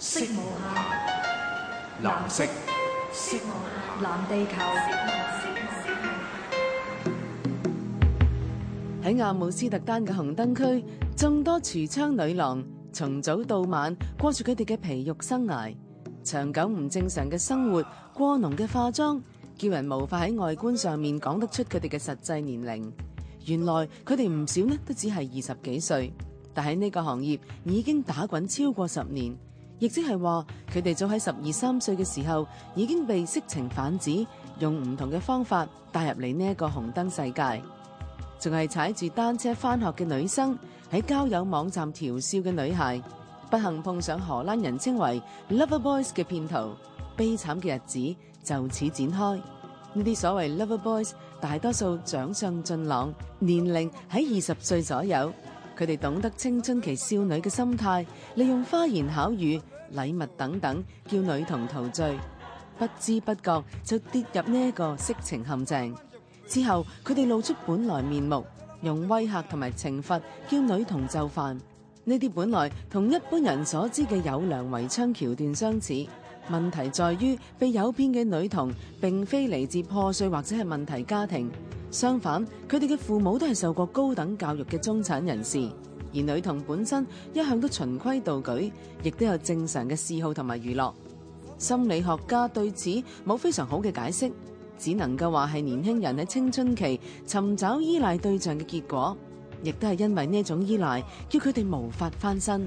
色無限，藍色。色無限，藍地球。喺阿姆斯特丹嘅紅燈區，眾多櫥窗女郎從早到晚過住佢哋嘅皮肉生涯。長久唔正常嘅生活，過濃嘅化妝，叫人無法喺外觀上面講得出佢哋嘅實際年齡。原來佢哋唔少呢都只係二十幾歲，但喺呢個行業已經打滾超過十年。亦即係話，佢哋早喺十二三歲嘅時候，已經被色情販子用唔同嘅方法帶入嚟，呢一個紅燈世界。仲係踩住單車翻學嘅女生，喺交友網站調笑嘅女孩，不幸碰上荷蘭人稱為 Lover Boys 嘅騙徒，悲慘嘅日子就此展開。呢啲所謂 Lover Boys，大多數長相俊朗，年齡喺二十歲左右。佢哋懂得青春期少女嘅心態，利用花言巧語、禮物等等，叫女童陶醉，不知不覺就跌入呢一個色情陷阱。之後，佢哋露出本來面目，用威嚇同埋懲罰叫女童就範。呢啲本來同一般人所知嘅有良為娼橋段相似。問題在於，被誘騙嘅女童並非嚟自破碎或者係問題家庭。相反，佢哋嘅父母都係受過高等教育嘅中產人士，而女童本身一向都循規蹈矩，亦都有正常嘅嗜好同埋娛樂。心理學家對此冇非常好嘅解釋，只能夠話係年輕人喺青春期尋找依賴對象嘅結果，亦都係因為呢種依賴，叫佢哋無法翻身。